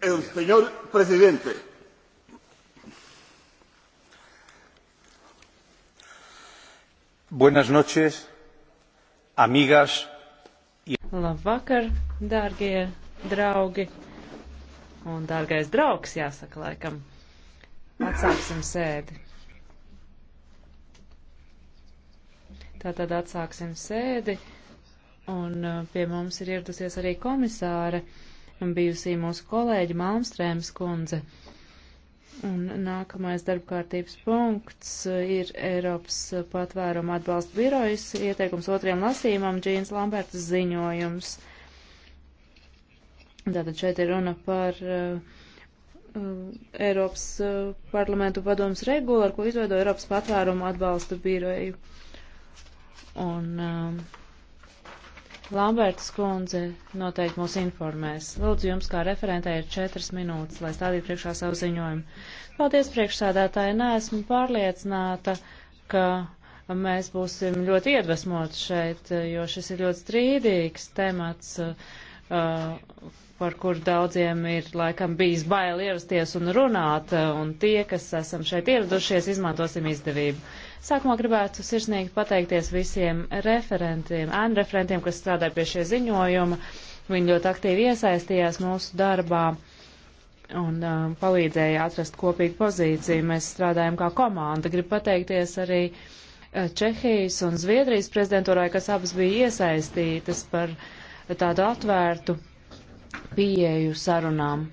El eh, señor presidente. Buenas noches, amigas. Labvakar, dārgie draugi un dārgais draugs, jāsaka laikam. Atsāksim sēdi. Tātad atsāksim sēdi, un eh, pie mums ir ieradusies arī komisāre bijusī mūsu kolēģi Malmstrēmas kundze. Un nākamais darbkārtības punkts eh, ir Eiropas eh, patvēruma atbalsta birojas ieteikums otriem lasījumam Džīns Lambertas ziņojums. Tātad šeit ir runa par uh, Eiropas uh, parlamentu padomas regulu, ar ko izveido Eiropas patvērumu atbalsta biroju. Un uh, Lamberts kundze noteikti mūs informēs. Lūdzu, jums kā referentē ir četras minūtes, lai stādītu priekšā savu ziņojumu. Paldies, priekšsādātāji, neesmu pārliecināta, ka mēs būsim ļoti iedvesmoti šeit, jo šis ir ļoti strīdīgs temats. Uh, par kur daudziem ir laikam bijis bail ierasties un runāt, eh, un tie, kas esam šeit ieradušies, izmantosim izdevību. Sākumā gribētu sirsnīgi pateikties visiem referentiem, ēnu referentiem, kas strādā pie šie ziņojuma. Viņi ļoti aktīvi iesaistījās mūsu darbā un um, palīdzēja atrast kopīgu pozīciju. Mēs strādājam kā komanda. Gribu pateikties arī eh, Čehijas un Zviedrijas prezidentūrai, kas abas bija iesaistītas par tādu atvērtu pieeju sarunām.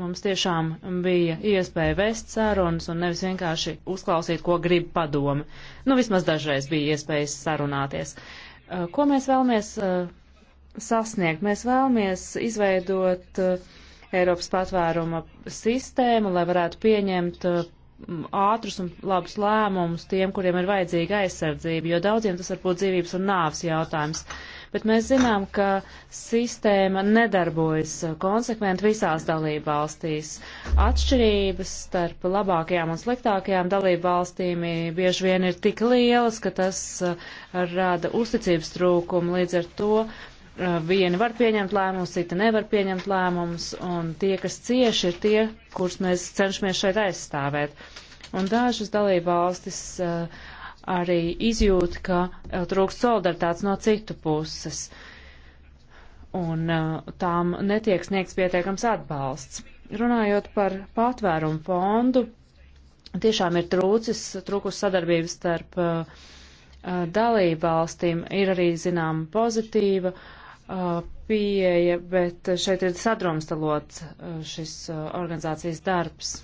Mums tiešām bija iespēja vest sarunas un nevis vienkārši uzklausīt, ko grib padomi. Nu, vismaz dažreiz bija iespējas sarunāties. Uh, ko mēs vēlamies uh, sasniegt? Mēs vēlamies izveidot uh, Eiropas patvēruma sistēmu, lai varētu pieņemt ātrus un labus lēmumus tiem, kuriem ir vajadzīga aizsardzība, jo daudziem tas var būt dzīvības un nāves jautājums. Uh, bet mēs zinām, ka sistēma nedarbojas konsekventi visās dalību valstīs. Atšķirības starp labākajām un sliktākajām dalību valstīm bieži vien ir tik lielas, ka tas eh, rada uzticības trūkumu līdz ar to eh, vieni var pieņemt lēmumus, citi nevar pieņemt lēmumus, un tie, kas cieši, ir tie, kurus mēs cenšamies šeit aizstāvēt. Un dažas dalībvalstis uh, eh, arī izjūta, ka eh, trūkst solidaritātes no citu puses, un eh, tām netiek sniegts pietiekams atbalsts. Runājot par patvērumu fondu, tiešām ir trūcis, trūkus sadarbības starp uh, dalību valstīm, ir arī zinām pozitīva uh, pieeja, bet šeit ir sadrumstalots uh, šis organizācijas darbs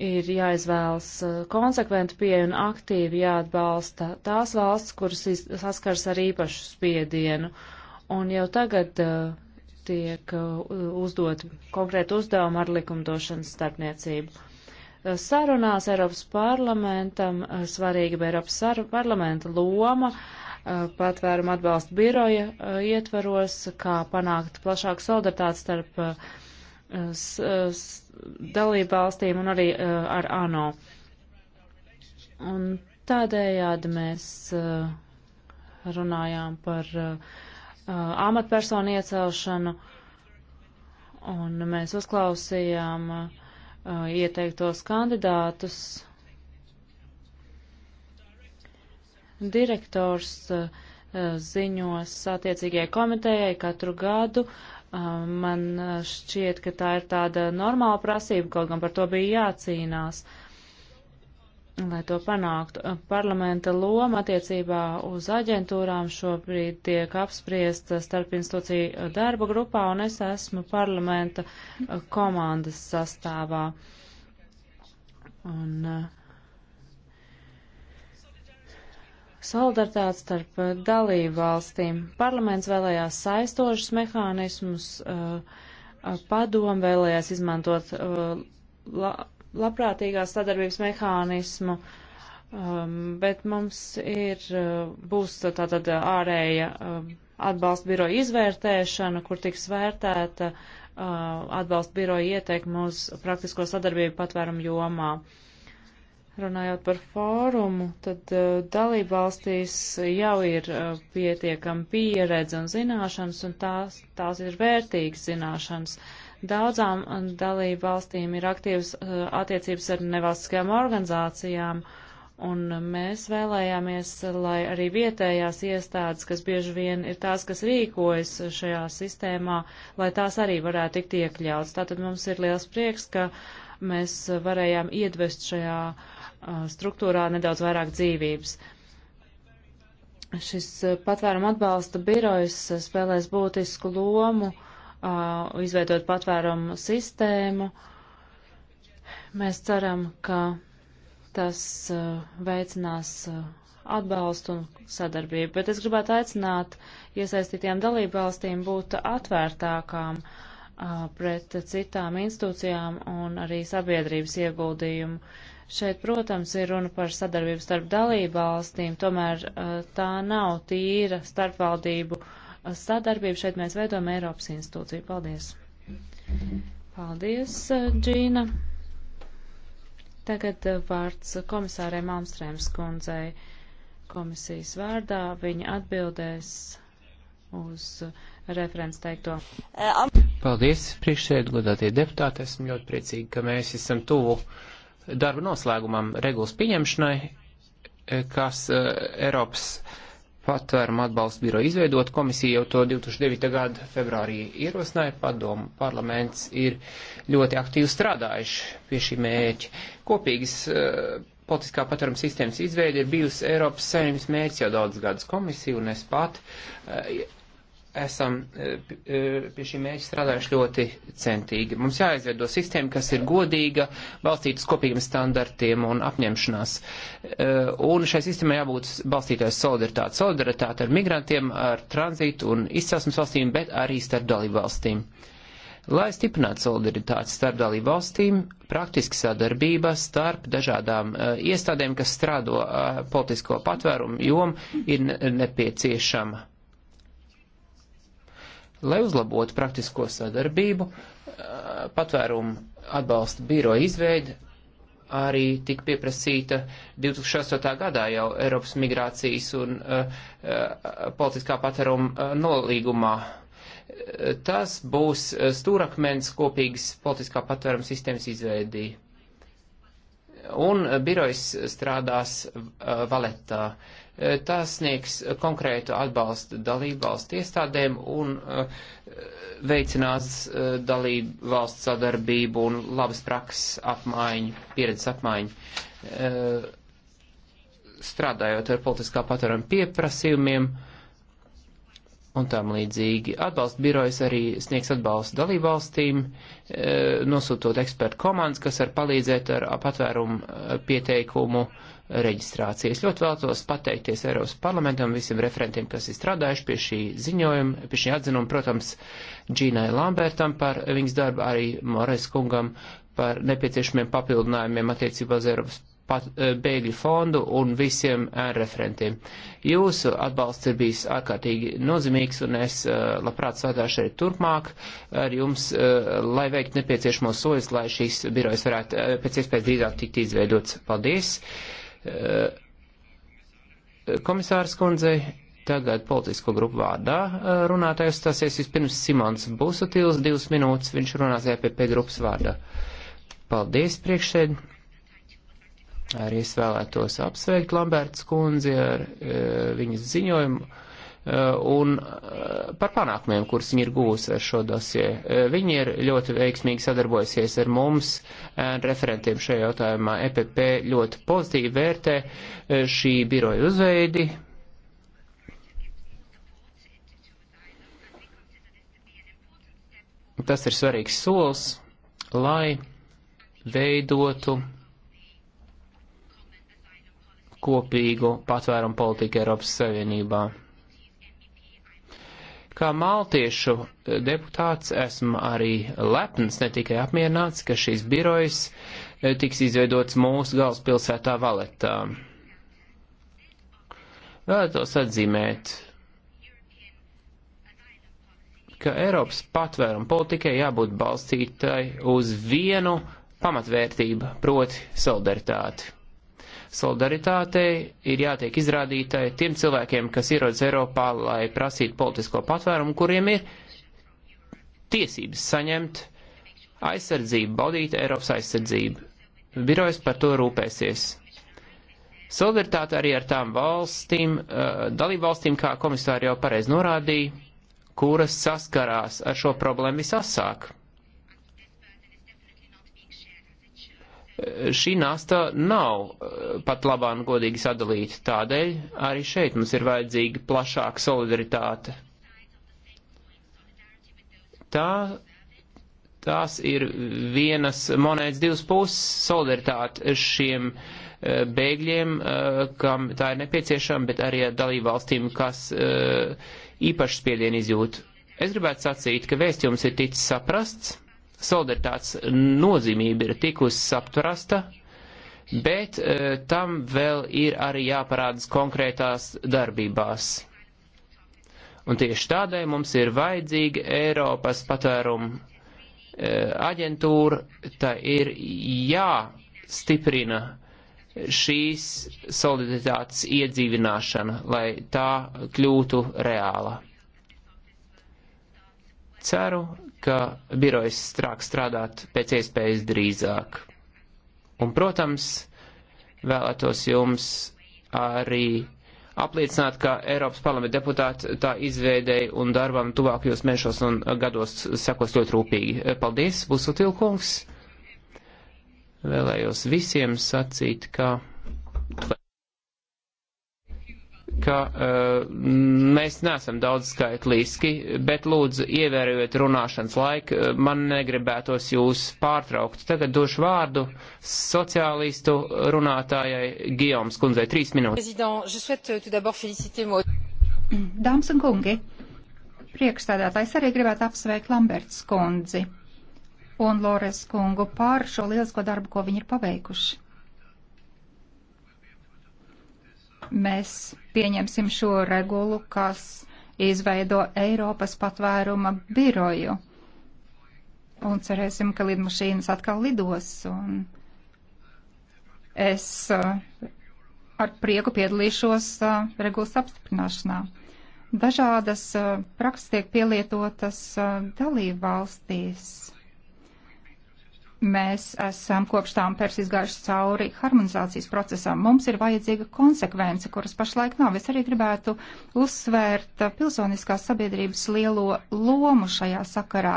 ir jāizvēlas eh, konsekventi pieeja un aktīvi jāatbalsta tās valsts, kuras saskars ar īpašu spiedienu. Un jau tagad eh, tiek eh, uzdot konkrēti uzdevumi ar likumdošanas starpniecību. Sarunās Eiropas parlamentam svarīga bija Eiropas parlamenta loma patvērumu atbalsta biroja ietvaros, kā panākt plašāku solidaritāti starp uh, dalībvalstīm un arī eh, ar ANO. Un tādējādi mēs eh, runājām par eh, amatpersonu iecelšanu un mēs uzklausījām ieteiktos kandidātus. Direktors ziņos attiecīgajai komitejai katru gadu uh, Man šķiet, ka tā ir tāda normāla prasība, kaut gan par to bija jācīnās, lai to panāktu. Parlamenta loma attiecībā uz aģentūrām šobrīd tiek apspriesta starp institūciju darba grupā, un es esmu parlamenta komandas sastāvā. Un, uh, solidaritāti starp eh, dalību valstīm. Parlaments vēlējās saistošus mehānismus, eh, eh, padomu vēlējās izmantot labprātīgās sadarbības mehānismu, ehm, bet mums ir, būs tātad ārēja atbalsta biroja izvērtēšana, kur tiks vērtēta atbalsta biroja ieteikuma uz praktisko sadarbību patvērumu jomā. Uh, Runājot par fórumu, tad uh, dalībvalstīs jau ir uh, pietiekama pieredze un zināšanas, un tās, tās ir vērtīgas zināšanas. Daudzām eh, dalībvalstīm ir aktīvas uh, attiecības ar nevalstiskajām organizācijām, un mēs vēlējāmies, lai arī vietējās iestādes, kas bieži vien ir tās, kas rīkojas šajā sistēmā, lai tās arī varētu tikt iekļauts. Tātad mums ir liels prieks, ka mēs varējām iedvest šajā uh, struktūrā nedaudz vairāk dzīvības. Šis patvērumu atbalsta birojs spēlēs būtisku lomu, izveidot patvērumu sistēmu. Mēs ceram, ka tas veicinās atbalstu un sadarbību, bet es gribētu aicināt iesaistītiem dalību valstīm būt atvērtākām pret citām institūcijām un arī sabiedrības ieguldījumu Šeit, protams, ir runa par sadarbību starp dalību valstīm, tomēr eh, tā nav tīra starpvaldību eh, sadarbība. Šeit mēs veidojam Eiropas institūciju. Paldies! Paldies, eh, Džīna! Tagad vārds komisārē Malmstrēms kundzei komisijas vārdā. Viņa atbildēs uz referents teikto. Paldies, priekšsēd, godātie deputāti. Esmu ļoti priecīgi, ka mēs esam tuvu darba noslēgumam regulas pieņemšanai, eh, kas eh, Eiropas patvēruma atbalsta biro izveidot. Komisija jau to 2009. gada februārī ierosināja, padomu parlaments ir ļoti aktīvi strādājuši pie šī mēķa. Kopīgas eh, politiskā patvēruma sistēmas izveide ir bijusi Eiropas saimnības mērķis jau daudz gadus komisija un es pat esam e, e, pie šī mērķa strādājuši ļoti centīgi. Mums jāizveido sistēma, kas ir godīga, balstīta uz kopīgiem standartiem un apņemšanās. E, un šai sistēmai jābūt balstītai uz solidaritāti. Solidaritāte ar migrantiem, ar tranzītu un izcelsmes valstīm, bet arī starp dalību valstīm. Lai stiprinātu solidaritāti starp dalību valstīm, praktiski sadarbība starp dažādām uh, iestādēm, kas strādo uh, politisko patvērumu jom, ir nepieciešama lai uzlabotu praktisko sadarbību, patvērumu atbalsta biro izveidi arī tika pieprasīta 2008. gadā jau Eiropas migrācijas un uh, politiskā patēruma nolīgumā. Tas būs stūrakmens kopīgas politiskā patvēruma sistēmas izveidī. Un birojs strādās uh, valetā. Uh, Eh, tās sniegs konkrētu atbalstu dalību valstu iestādēm un eh, veicinās eh, dalību valstu sadarbību un labas prakses apmaiņu, pieredzes apmaiņu, strādājot ar politiskā patvēruma pieprasījumiem. Uh, un tam līdzīgi. Atbalsta birojas arī sniegs atbalstu dalībvalstīm, e, nosūtot ekspertu komandas, kas var palīdzēt ar patvērumu e, pieteikumu reģistrācijas. Ļoti vēlos pateikties Eiropas parlamentam, visiem referentiem, kas ir strādājuši pie šī ziņojuma, pie šī atzinuma, protams, Džīnai Lambertam par viņas darbu, arī Mores kungam par nepieciešamiem papildinājumiem attiecībā uz Eiropas pat, eh, bēgļu fondu un visiem eh, referentiem. Jūsu atbalsts ir bijis ārkārtīgi nozīmīgs, un es eh, labprāt strādāšu arī turpmāk ar jums, lai veikt nepieciešamos soļus, lai šīs birojas varētu pēc iespējas drīzāk tikt izveidots. Paldies! Komisārs kundzei, tagad politisko grupu vārdā runātājs stāsies vispirms Simons Busutils, divas minūtes, viņš runās EPP grupas vārdā. Paldies priekšsēdētājiem! Arī es vēlētos apsveikt Lamberts kundzi ar e, viņas ziņojumu e, un e, par panākumiem, kurus viņi ir gūsi ar šo dosie. Viņi ir ļoti veiksmīgi sadarbojusies ar mums, referentiem šajā jautājumā. EPP ļoti pozitīvi vērtē šī biroja uzveidi. Tas ir svarīgs solis, lai veidotu kopīgu patvērumu politiku Eiropas Savienībā. Kā maltiešu deputāts esmu arī lepns, ne tikai apmierināts, ka šīs birojas e, tiks izveidots mūsu galvaspilsētā Valetā. Vēlētos atzīmēt, ka Eiropas patvērumu politikai jābūt balstītai uz vienu pamatvērtību, proti solidaritāti. Solidaritātei ir jātiek izrādītai tiem cilvēkiem, kas ierodas Eiropā, lai prasītu politisko patvērumu, kuriem ir tiesības saņemt aizsardzību, baudīt Eiropas aizsardzību. Birojas par to rūpēsies. Solidaritāte arī ar tām valstīm, eh, dalībvalstīm, kā komisāri jau pareiz norādīja, kuras saskarās ar šo problēmu visasāk šī nasta nav eh, pat labāk godīgi sadalīta. Tādēļ arī šeit mums ir vajadzīga plašāka solidaritāte. Tā, tās ir vienas monētas divas puses solidaritāte šiem eh, bēgļiem, eh, kam tā ir nepieciešama, bet arī dalībvalstīm, kas īpaši spiedienu izjūt. Es gribētu sacīt, ka vēstījums ir ticis saprasts solidaritātes nozīmība ir tikusi saprasta, bet e, tam vēl ir arī jāparādas konkrētās darbībās. Un tieši tādēļ mums ir vajadzīga Eiropas patvērumu e, aģentūra, tā ir jāstiprina šīs solidaritātes iedzīvināšana, lai tā kļūtu reāla. Ceru, ka birojas strāk strādāt pēc iespējas drīzāk. Un, protams, vēlētos jums arī apliecināt, ka Eiropas parlamenta deputāti tā izveidēja un darbam tuvākajos mēnešos un gados sekos ļoti rūpīgi. Paldies, Busutilkungs! Vēlējos visiem sacīt, ka ka uh, mēs neesam daudz skaitliski, bet lūdzu ievērojiet runāšanas laiku, eh, man negribētos jūs pārtraukt. Tagad došu vārdu sociālistu runātājai Gijoms kundzei. Trīs minūtes. Dāmas un kungi, priekšstādātājs arī gribētu apsveikt Lamberts kundzi un Lores kungu par šo lielisko darbu, ko viņi ir paveikuši. Mēs pieņemsim šo regulu, kas izveido Eiropas patvēruma biroju. Un cerēsim, ka lidmašīnas atkal lidos. Un es uh, ar prieku piedalīšos uh, regulas apstiprināšanā. Dažādas uh, prakses tiek pielietotas dalību valstīs Mēs esam kopš tām pers izgājuši cauri harmonizācijas procesam. Mums ir vajadzīga konsekvence, kuras pašlaik nav. Es arī gribētu uzsvērt pilsoniskās sabiedrības lielo lomu šajā sakarā,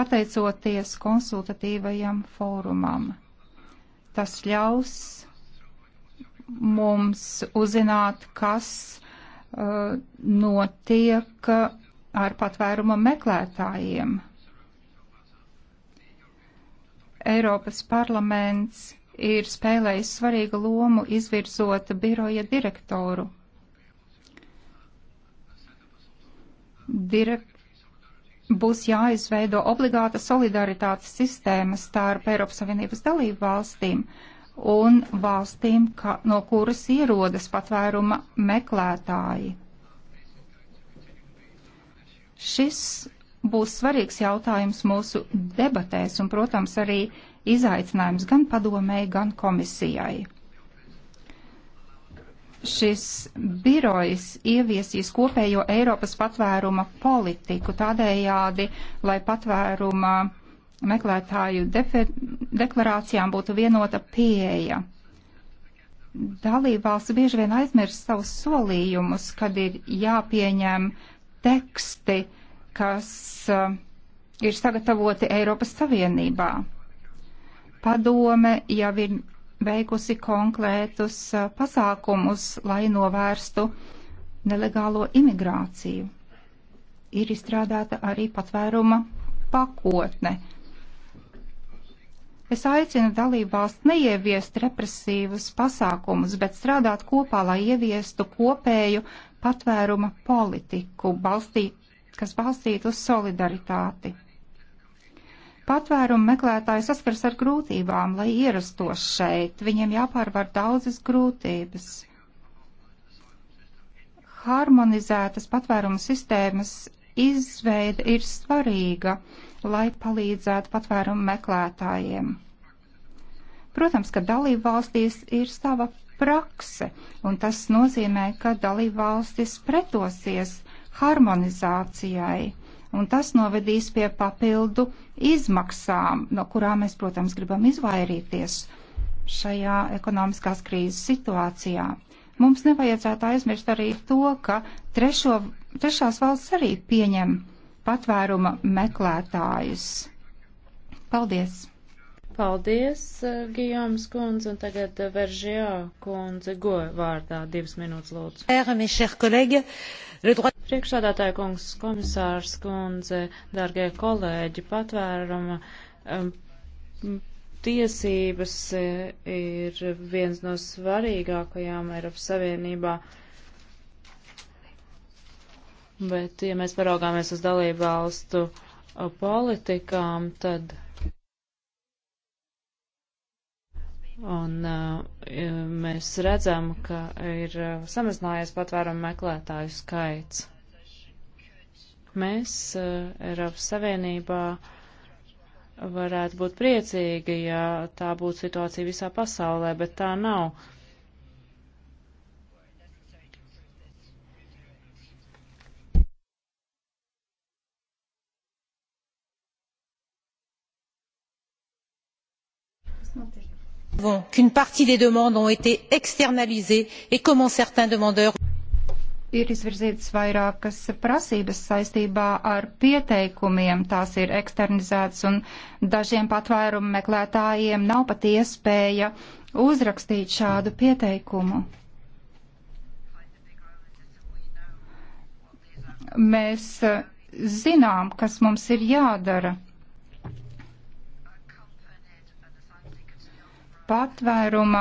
pateicoties konsultatīvajam fórumam. Tas ļaus mums uzzināt, kas uh, notiek ar patvēruma meklētājiem Eiropas parlaments ir spēlējis svarīgu lomu izvirzot biroja direktoru. Direk būs jāizveido obligāta solidaritātes sistēma starp Eiropas Savienības dalību valstīm un valstīm, ka, no kuras ierodas patvēruma meklētāji. Šis būs svarīgs jautājums mūsu debatēs un, protams, arī izaicinājums gan padomēji, gan komisijai. Šis birojs ieviesīs kopējo Eiropas patvēruma politiku tādējādi, lai patvēruma meklētāju deklarācijām būtu vienota pieeja dalībvalsts bieži vien aizmirst savus solījumus, kad ir jāpieņem teksti kas uh, ir sagatavoti Eiropas Savienībā. Padome jau ir veikusi konkrētus uh, pasākumus, lai novērstu nelegālo imigrāciju. Ir izstrādāta arī patvēruma pakotne. Es aicinu dalībvalsts neieviest represīvus pasākumus, bet strādāt kopā, lai ieviestu kopēju patvēruma politiku, balstīt kas balstīta uz solidaritāti. Patvērumu meklētāji saskars ar grūtībām, lai ierastos šeit. Viņiem jāpārvar daudzas grūtības. Harmonizētas patvērumu sistēmas izveida ir svarīga, lai palīdzētu patvērumu meklētājiem. Protams, ka dalību valstīs ir sava prakse, un tas nozīmē, ka dalību valstis pretosies harmonizācijai, un tas novedīs pie papildu izmaksām, no kurām mēs, protams, gribam izvairīties šajā ekonomiskās krīzes situācijā. Mums nevajadzētu aizmirst arī to, ka trešo, trešās valsts arī pieņem patvēruma meklētājus. Paldies! Paldies, eh, Gijoms kundze, un tagad eh, Veržijā kundze goja vārdā divas minūtes lūdzu. Priekšsādātāja kungs, komisārs kundze, dargie kolēģi, patvēruma um, tiesības eh, ir viens no svarīgākajām Eiropas Savienībā. Bet, ja mēs paraugāmies uz dalību valstu politikām, tad Un uh, e, mēs redzam, ka ir uh, samazinājies patvērumu meklētāju skaits. Mēs uh, Eiropas Savienībā varētu būt priecīgi, ja tā būtu situācija visā pasaulē, bet tā nav. qu'une partie des demandes ont été externalisées et comment certains demandeurs ir izvirzītas vairākas prasības saistībā ar pieteikumiem, tās ir eksternizētas un dažiem patvērumu meklētājiem nav pat iespēja uzrakstīt šādu pieteikumu. Mēs eh, zinām, kas mums ir jādara. patvēruma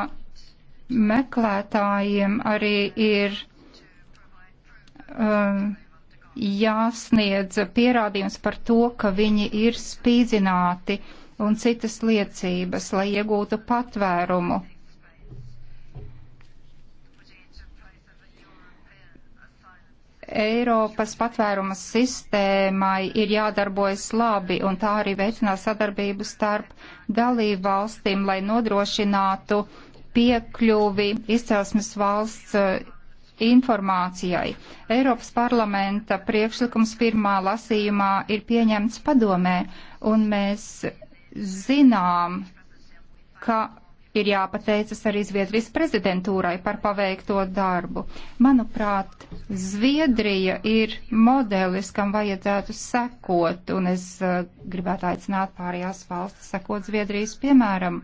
meklētājiem arī ir um, jāsniedz pierādījums par to, ka viņi ir spīdzināti un citas liecības, lai iegūtu patvērumu. Eiropas patvēruma sistēmai ir jādarbojas labi, un tā arī veicinās sadarbību starp dalību valstīm, lai nodrošinātu piekļuvi izcelsmes valsts eh, informācijai. Eiropas parlamenta priekšlikums pirmā lasījumā ir pieņemts padomē, un mēs zinām, ka Ir jāpateicas arī Zviedrijas prezidentūrai par paveikto darbu. Manuprāt, Zviedrija ir modelis, kam vajadzētu sekot, un es uh, gribētu aicināt pārējās valstis sekot Zviedrijas piemēram.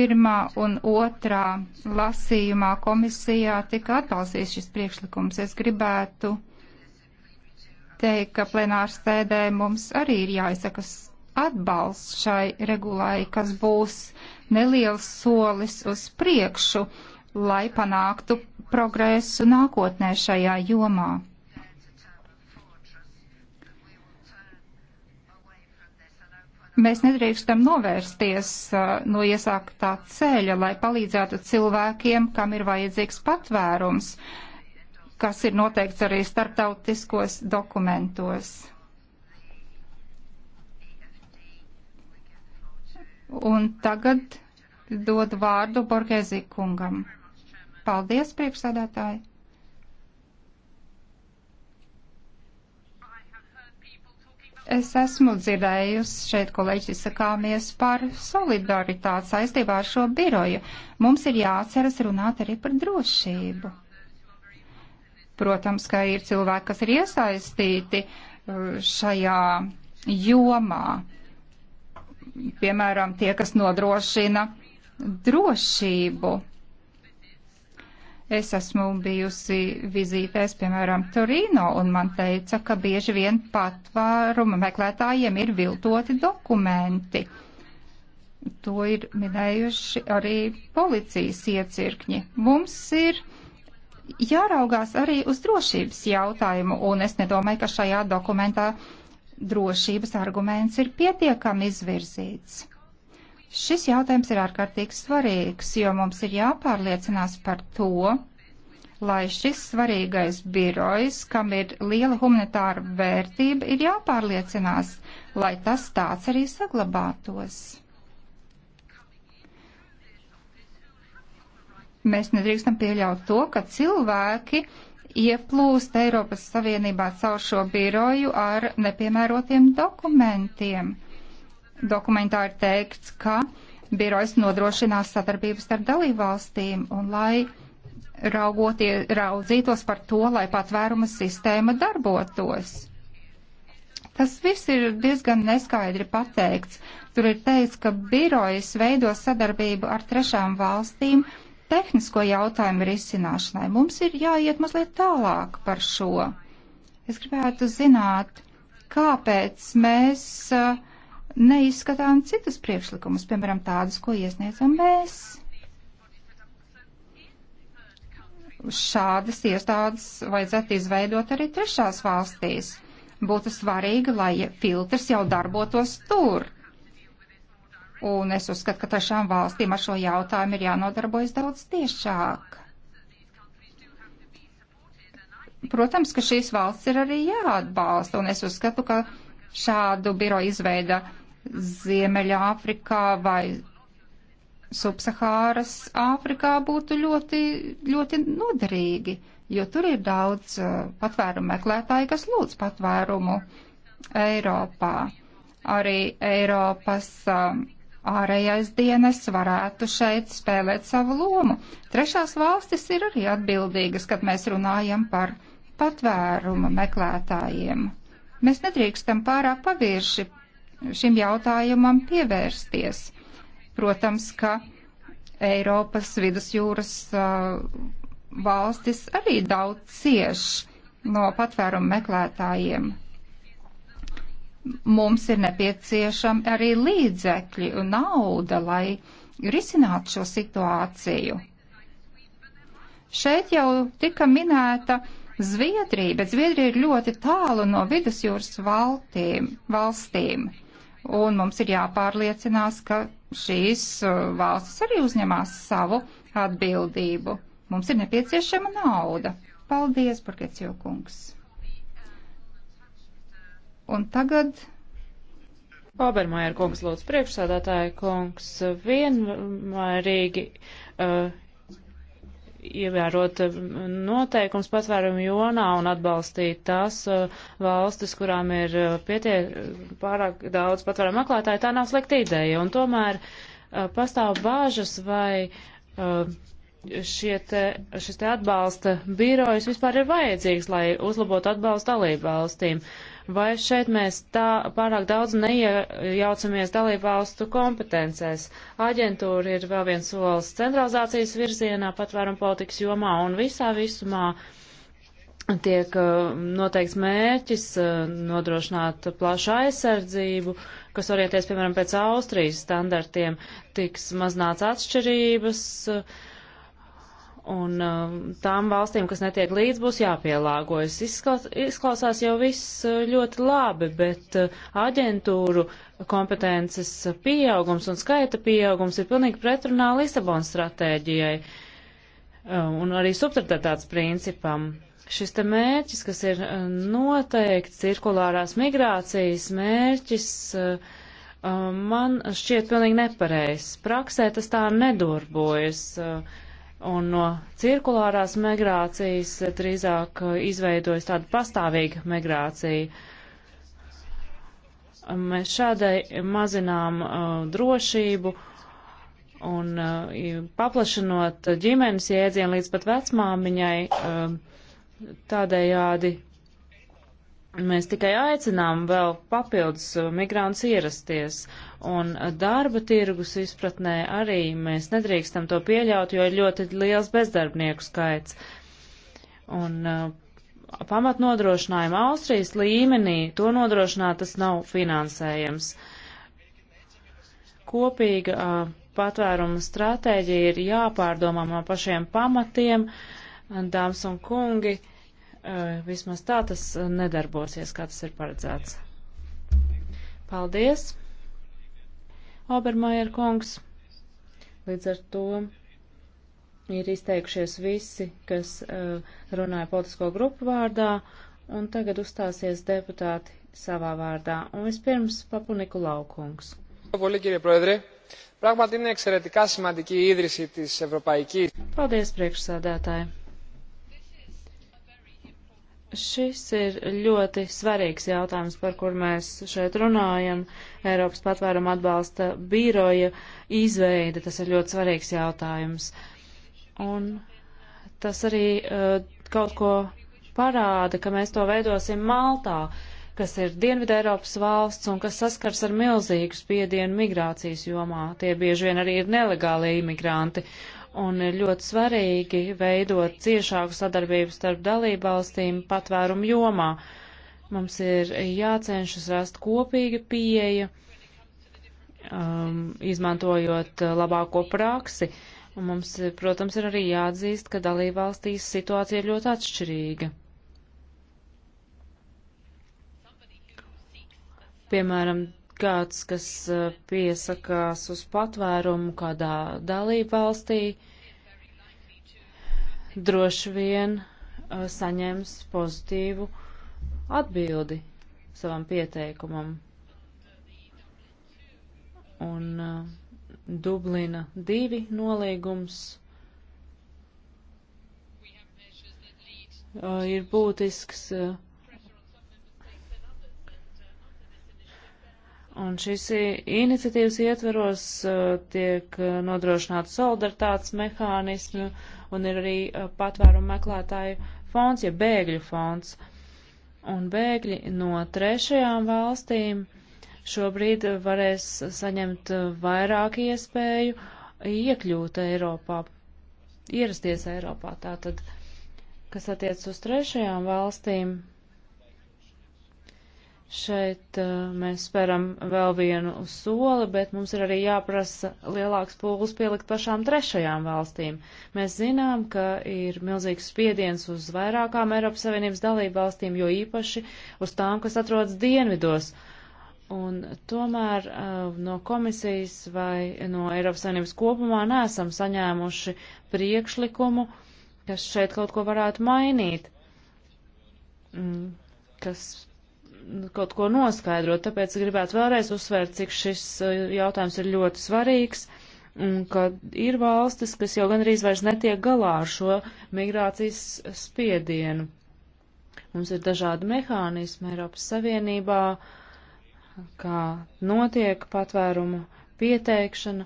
Pirmā un otrā lasījumā komisijā tika atbalstīts šis priekšlikums. Es gribētu teikt, ka plenārs sēdē mums arī ir jāizsakas atbalsts šai regulai, kas būs neliels solis uz priekšu, lai panāktu progresu nākotnē šajā jomā. Mēs nedrīkstam novērsties uh, no iesāktā ceļa, lai palīdzētu cilvēkiem, kam ir vajadzīgs patvērums, kas ir noteikts arī starptautiskos dokumentos. Un tagad dod vārdu Borgēzī kungam. Paldies, priekšsēdētāji! Es esmu dzirdējusi šeit kolēģi sakāmies par solidaritāti saistībā ar šo biroju. Mums ir jāatceras runāt arī par drošību. Protams, ka ir cilvēki, kas ir iesaistīti uh, šajā jomā piemēram, tie, kas nodrošina drošību. Es esmu bijusi vizītēs, piemēram, Torino, un man teica, ka bieži vien patvāruma meklētājiem ir viltoti dokumenti. To ir minējuši arī policijas iecirkņi. Mums ir jāraugās arī uz drošības jautājumu, un es nedomāju, ka šajā dokumentā uh, drošības arguments ir pietiekami izvirzīts. Šis jautājums ir ārkārtīgi svarīgs, jo mums ir jāpārliecinās par to, lai šis svarīgais birojs, kam ir liela humanitāra vērtība, ir jāpārliecinās, lai tas tāds arī saglabātos. Mēs nedrīkstam pieļaut to, ka cilvēki ieplūst Eiropas Savienībā caur šo biroju ar nepiemērotiem dokumentiem. Dokumentā ir teikts, ka birojas nodrošinās sadarbības ar dalībvalstīm un lai raugotie, raudzītos par to, lai patvēruma sistēma darbotos. Tas viss ir diezgan neskaidri pateikts. Tur ir teikts, ka birojas veido sadarbību ar trešām valstīm tehnisko jautājumu risināšanai. Mums ir jāiet mazliet tālāk par šo. Es gribētu zināt, kāpēc mēs uh, neizskatām citus priekšlikumus, piemēram, tādus, ko iesniedzam mēs. šādas iestādes vajadzētu izveidot arī trešās valstīs. Būtu svarīgi, lai filtrs jau darbotos tur. Un es uzskatu, ka trešām valstīm ar šo jautājumu ir jānodarbojas daudz tiešāk. Protams, ka šīs valsts ir arī jāatbalsta, un es uzskatu, ka šādu biro izveida Ziemeļāfrikā vai Subsahāras Āfrikā būtu ļoti, ļoti noderīgi, jo tur ir daudz uh, patvērumu meklētāju, kas lūdz patvērumu Eiropā. Arī Eiropas um, ārējais dienas varētu šeit spēlēt savu lomu. Trešās valstis ir arī atbildīgas, kad mēs runājam par patvērumu meklētājiem. Mēs nedrīkstam pārāk pavirši šim jautājumam pievērsties. Protams, ka Eiropas vidusjūras uh, valstis arī daudz cieš no patvērumu meklētājiem mums ir nepieciešami arī līdzekļi un nauda, lai risinātu šo situāciju. Šeit jau tika minēta Zviedrija, bet Zviedrija ir ļoti tālu no vidusjūras valstīm, valstīm. Un mums ir jāpārliecinās, ka šīs uh, valstis arī uzņemās savu atbildību. Mums ir nepieciešama nauda. Paldies, Burgets Jokungs! Un tagad. Obermajer kungs, lūdzu, priekšsādātāja kungs, vienmērīgi uh, ievērot uh, noteikums patvērumu jonā un atbalstīt tās uh, valstis, kurām ir uh, pietiek pārāk daudz patvērumu meklētāju, tā nav slikta ideja. Un tomēr uh, pastāv bāžas vai. Uh, te, šis te atbalsta birojas vispār ir vajadzīgs, lai uzlabotu atbalstu dalību valstīm? Vai šeit mēs tā pārāk daudz neiejaucamies dalību valstu kompetencēs? Aģentūra ir vēl viens solis centralizācijas virzienā, patvērumu politikas jomā un visā visumā tiek uh, noteikts mērķis uh, nodrošināt plašu aizsardzību, kas orientēs, piemēram, pēc Austrijas standartiem, tiks maznāts atšķirības. Uh, Un um, tām valstīm, kas netiek līdz, būs jāpielāgojas. Izklausās jau viss uh, ļoti labi, bet uh, aģentūru kompetences pieaugums un skaita pieaugums ir pilnīgi pretrunā Lisabonas stratēģijai um, un arī subsidiaritātes principam. Šis te mērķis, kas ir uh, noteikts cirkulārās migrācijas mērķis, man šķiet pilnīgi nepareizs. Praksē tas tā nedarbojas un no cirkulārās migrācijas drīzāk izveidojas tāda pastāvīga migrācija. Mēs šādai mazinām uh, drošību un uh, paplašinot ģimenes jēdzienu līdz pat vecmāmiņai, uh, tādējādi Mēs tikai aicinām vēl papildus uh, migrants ierasties, un uh, darba tirgus izpratnē arī mēs nedrīkstam to pieļaut, jo ir ļoti liels bezdarbnieku skaits. Un uh, pamatnodrošinājumu Austrijas līmenī to nodrošināt tas nav finansējams. Kopīga patvēruma stratēģija ir jāpārdomā no pašiem pamatiem, dāmas un kungi Eh, vismaz tā tas eh, nedarbosies, kā tas ir paredzēts. Paldies, Obermajer kungs. Līdz ar to ir izteikušies visi, kas eh, runāja politisko grupu vārdā, un tagad uzstāsies deputāti savā vārdā. Un vispirms Papuniku laukungs. Paldies, priekšsādātāji! Šis ir ļoti svarīgs jautājums, par kur mēs šeit runājam. Eiropas patvēruma atbalsta biroja izveide, tas ir ļoti svarīgs jautājums. Un tas arī uh, kaut ko parāda, ka mēs to veidosim Maltā, kas ir Dienvidē Eiropas valsts un kas saskars ar milzīgu spiedienu migrācijas jomā. Tie bieži vien arī ir nelegāli imigranti. Uh, un ir ļoti svarīgi veidot ciešāku sadarbību starp dalībvalstīm patvērumu jomā. Mums ir jācenšas rast kopīga pieeja, um, izmantojot uh, labāko praksi, un mums, protams, ir arī jāatzīst, ka dalībvalstīs situācija ir ļoti atšķirīga. Piemēram, kāds, kas eh, piesakās uz patvērumu kādā dalībvalstī, droši vien eh, saņems pozitīvu atbildi savam pieteikumam. Un eh, Dublina divi nolīgums ir būtisks. Uh, Un šīs iniciatīvas ietveros uh, tiek uh, nodrošināta solidaritātes mehānismi un ir arī uh, patvērumu meklētāju fonds, ja bēgļu fonds. Un bēgļi no trešajām valstīm šobrīd varēs saņemt vairāk iespēju iekļūt Eiropā, ierasties Eiropā. Tātad, kas attiec uz trešajām valstīm, Šeit eh, mēs speram vēl vienu soli, bet mums ir arī jāprasa lielāks pūlis pielikt pašām trešajām valstīm. Mēs zinām, ka ir milzīgs spiediens uz vairākām Eiropas Savienības dalību valstīm, jo īpaši uz tām, kas atrodas dienvidos. Un tomēr eh, no komisijas vai no Eiropas Savienības kopumā nesam saņēmuši priekšlikumu, kas šeit kaut ko varētu mainīt mm, kas kaut ko noskaidrot, tāpēc gribētu vēlreiz uzsvērt, cik šis eh, jautājums ir ļoti svarīgs un ka ir valstis, kas jau gandrīz vairs netiek galā ar šo migrācijas spiedienu. Mums ir dažādi mehānismi Eiropas Savienībā, kā notiek patvērumu pieteikšana.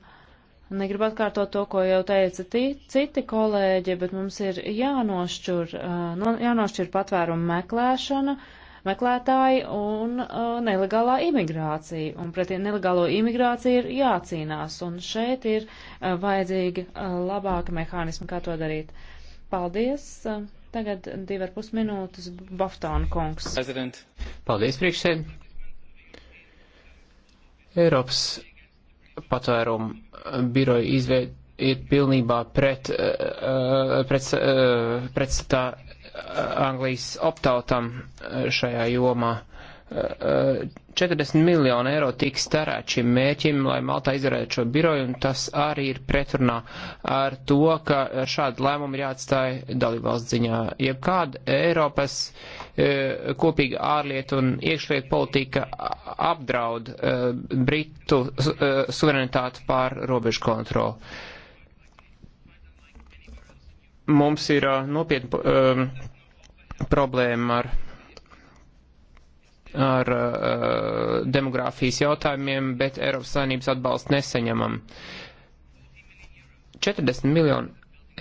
Negribu atkārtot to, ko jau teica citi kolēģi, bet mums ir jānošķir, uh, eh, no, jānošķir patvērumu meklēšana meklētāji un uh, nelegālā imigrācija. Un pret nelegālo imigrāciju ir jācīnās, un šeit ir uh, vajadzīgi uh, labāki mehānismi, kā to darīt. Paldies! Uh, tagad divi ar pus minūtes Baftāna kungs. President. Paldies priekšsēm. Eiropas patvērumu uh, biroja izveid ir pilnībā pret, uh, uh, pret, uh, pret tā Anglijas optautam eh, šajā jomā. 40 eh, eh, miljonu eiro tiks tarēt šim mēķim, lai Maltā izvarētu šo biroju, un tas arī ir pretrunā ar to, ka šādu lēmumu ir jāatstāja dalībvalsts ziņā. Jebkāda Eiropas kopīga ārlietu un iekšlietu politika apdraud Britu suverenitāti pār robežu kontroli mums ir nopietna um, problēma ar, ar uh, demogrāfijas jautājumiem, bet Eiropas Savienības atbalstu neseņemam. 40 miljonu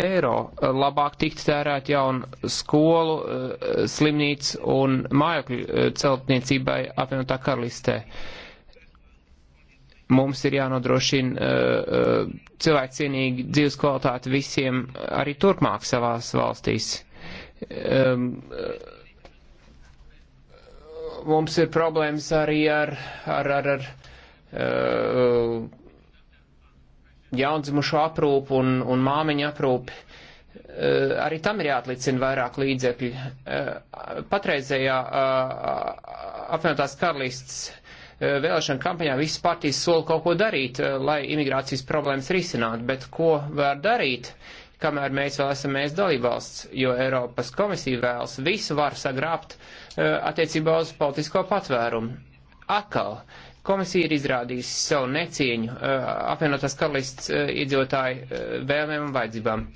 eiro labāk tikt tērēt jaunu skolu, uh, slimnīcu un mājokļu celtniecībai apvienotā karalistē. Uh, Mums ir jānodrošina uh, cilvēkcienīgi dzīves kvalitāte visiem arī turpmāk savās valstīs. Um, mums ir problēmas arī ar, ar, ar, ar uh, jaundzimušu aprūpu un, un māmiņu aprūpi. Uh, arī tam ir jāatlicina vairāk līdzekļu. Patreizējā apvienotās karalists Eh, vēlēšana kampaņā visas partijas sola kaut ko darīt, eh, lai imigrācijas problēmas risinātu, bet ko var darīt, kamēr mēs vēl esam mēs dalībvalsts, jo Eiropas komisija vēlas visu var sagrābt eh, attiecībā uz politisko patvērumu. Atkal, komisija ir izrādījusi savu necieņu apvienotās karalists iedzīvotāju vēlmēm un vajadzībām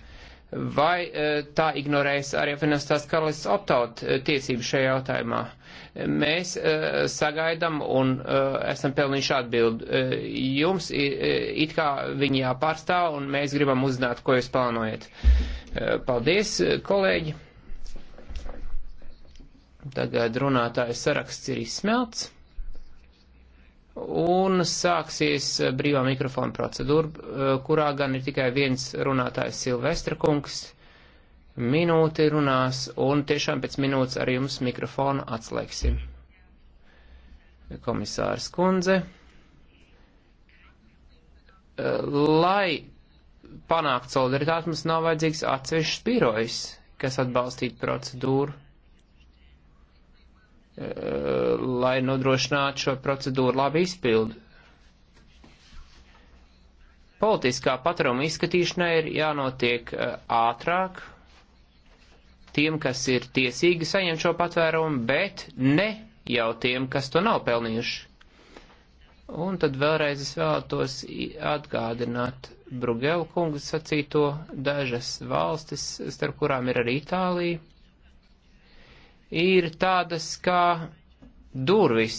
vai e, tā ignorēs arī apvienotās karalists optaut e, tiesību šajā jautājumā. Mēs e, sagaidam un esam pelnījuši atbildi. Jums it kā viņi jāpārstāv un mēs gribam uzzināt, ko jūs plānojat. Paldies, kolēģi! Tagad runātājs saraksts ir izsmelts un sāksies eh, brīvā mikrofona procedūra, eh, kurā gan ir tikai viens runātājs Silvestra kungs. Minūti runās, un tiešām pēc minūtes arī jums mikrofonu atslēgsim. Komisārs Kundze. Eh, lai panākt solidaritāti, mums nav vajadzīgs atsevišķs birojs, kas atbalstītu procedūru lai nodrošinātu šo procedūru labu izpildu. Politiskā patruma izskatīšanai ir jānotiek e, ātrāk tiem, kas ir tiesīgi saņemt šo patvērumu, bet ne jau tiem, kas to nav pelnījuši. Un tad vēlreiz es vēlētos atgādināt Brugelu kungu sacīto dažas valstis, starp kurām ir arī Itālija ir tādas kā durvis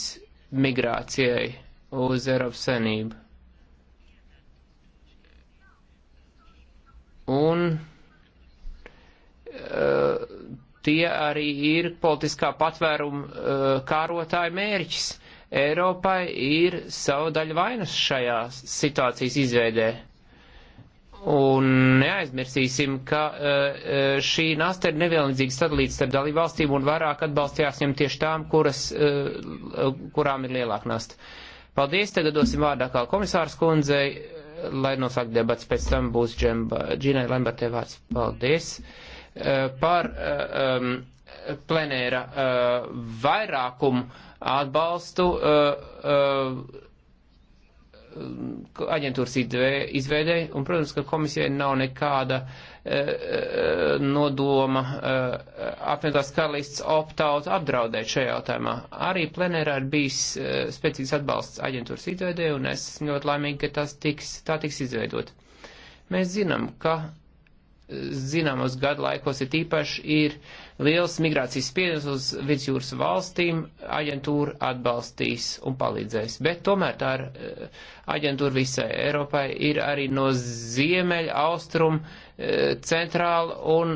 migrācijai uz Eiropas senību. Un uh, tie arī ir politiskā patvēruma uh, kārotāja mērķis. Eiropai ir savu daļu vainas šajā situācijas izveidē. Un neaizmirsīsim, ka eh, eh, šī nasta ir nevienlīdzīga sadalīta starp dalību valstīm un vairāk atbalsts jāsņem tieši tām, kuras, eh, kurām ir lielāka nasta. Paldies, tagad dosim vārdu kā komisārs kundzei, lai nosāk debats, pēc tam būs džemba. Džinai Lembertē vārds. Paldies. Par um, plenēra uh, vairākumu atbalstu. Uh, uh, aģentūras izveidēji, un, protams, ka komisijai nav nekāda e, e, nodoma e, apvienotās karalists opt-out apdraudēt šajā jautājumā. Arī plenērā ir bijis e, spēcīgs atbalsts aģentūras izveidēji, un es ļoti laimīgi, ka tas tiks, tā tiks izveidot. Mēs zinām, ka zināmos gadu laikos ir tīpaši, ir liels migrācijas spiediens uz vidusjūras valstīm, aģentūra atbalstīs un palīdzēs. Bet tomēr tā ir eh, aģentūra visai Eiropai, ir arī no ziemeļa, austrum E, centrāla un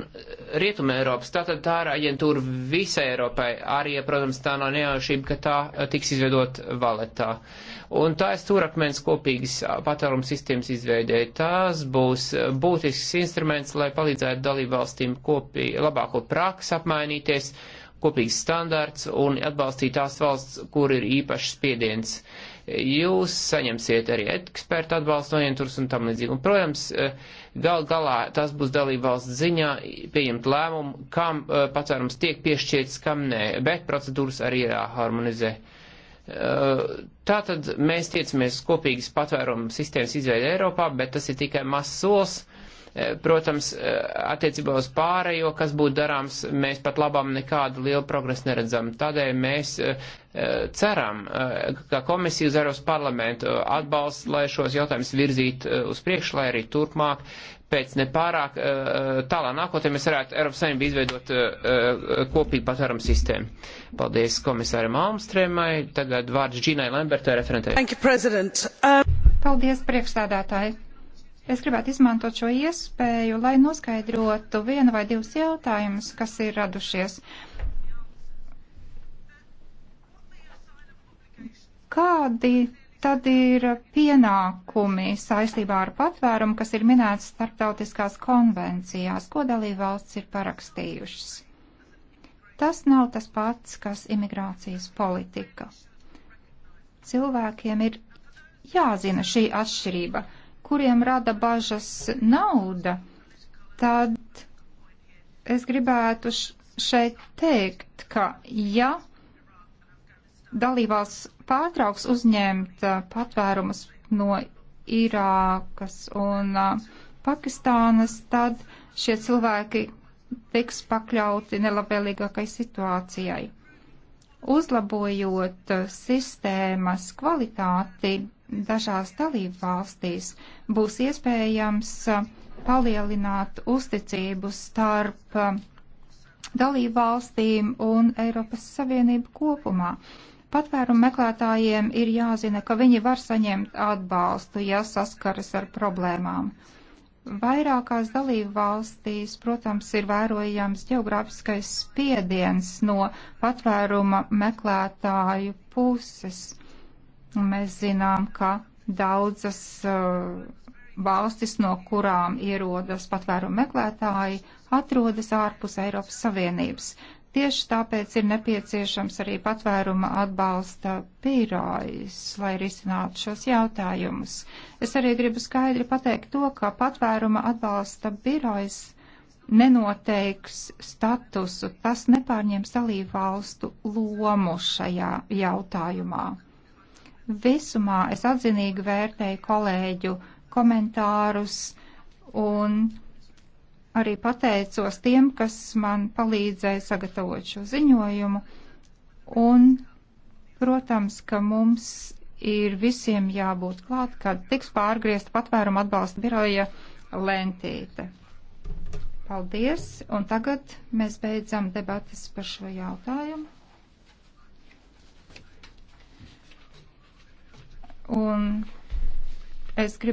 rietuma Eiropas. Tātad tā ir aģentūra visai Eiropai, arī, ja, protams, tā nav nejaušība, ka tā tiks izveidot valetā. Un tā ir stūrakmens kopīgas patvērums sistēmas izveidēja. Tās būs būtisks instruments, lai palīdzētu dalībvalstīm kopī labāko praksi apmainīties, kopīgs standarts un atbalstīt tās valsts, kur ir īpašs spiediens. Uh, jūs saņemsiet arī ekspertu atbalstu no ienturs un tam līdzīgi. Un, protams, eh, gal galā tas būs dalībvalsts ziņā pieņemt lēmumu, kam eh, patvērums tiek piešķirts, kam nē, bet procedūras arī ir harmonizē. Eh, tātad mēs tiecamies kopīgas patvērumu sistēmas izveidi Eiropā, bet tas ir tikai mazs solis Eh, protams, eh, attiecībā uz pārējo, kas būtu darāms, mēs pat labam nekādu lielu progresu neredzam. Tādēļ mēs eh, ceram, ka komisija uz Eiropas parlamentu atbalsts, lai šos jautājumus virzītu uz priekšu, lai arī turpmāk pēc nepārāk tālā nākotnē mēs varētu Eiropas Savienību izveidot kopīgu patvērumu sistēmu. Paldies komisāram Almstrēmai. Tagad vārds Džinai Lambertai referentē. Um, Paldies, priekšstādātāji. Es gribētu izmantot šo iespēju, lai noskaidrotu vienu vai divus jautājumus, kas ir radušies. Kādi tad ir pienākumi saistībā ar patvērumu, kas ir minēts starptautiskās konvencijās, ko dalība valsts ir parakstījušas? Tas nav tas pats, kas imigrācijas politika. Cilvēkiem ir jāzina šī atšķirība kuriem rada bažas nauda, tad es gribētu šeit teikt, ka ja dalībās pārtrauks uzņemt uh, patvērumus no Irākas un uh, Pakistānas, tad šie cilvēki tiks pakļauti nelabvēlīgākai situācijai. Uzlabojot uh, sistēmas kvalitāti, dažās dalību valstīs būs iespējams uh, palielināt uzticību starp uh, dalību valstīm un Eiropas Savienību kopumā. Patvērumu meklētājiem ir jāzina, ka viņi var saņemt atbalstu, ja saskaras ar problēmām. Vairākās dalību valstīs, protams, ir vērojams geogrāfiskais spiediens no patvēruma meklētāju puses Mēs zinām, ka daudzas uh, valstis, no kurām ierodas patvērumu meklētāji, atrodas ārpus Eiropas Savienības. Tieši tāpēc ir nepieciešams arī patvēruma atbalsta pīrājs, lai risinātu šos jautājumus. Es arī gribu skaidri pateikt to, ka patvēruma atbalsta birojs nenoteiks statusu, tas nepārņems dalību valstu lomu šajā jautājumā. Visumā es atzinīgi vērtēju kolēģu komentārus un arī pateicos tiem, kas man palīdzēja sagatavot šo ziņojumu. Un, protams, ka mums ir visiem jābūt klāt, kad tiks pārgriezta patvērumu atbalsta biroja lentīte. Paldies, un tagad mēs beidzam debatas par šo jautājumu. Un es gribu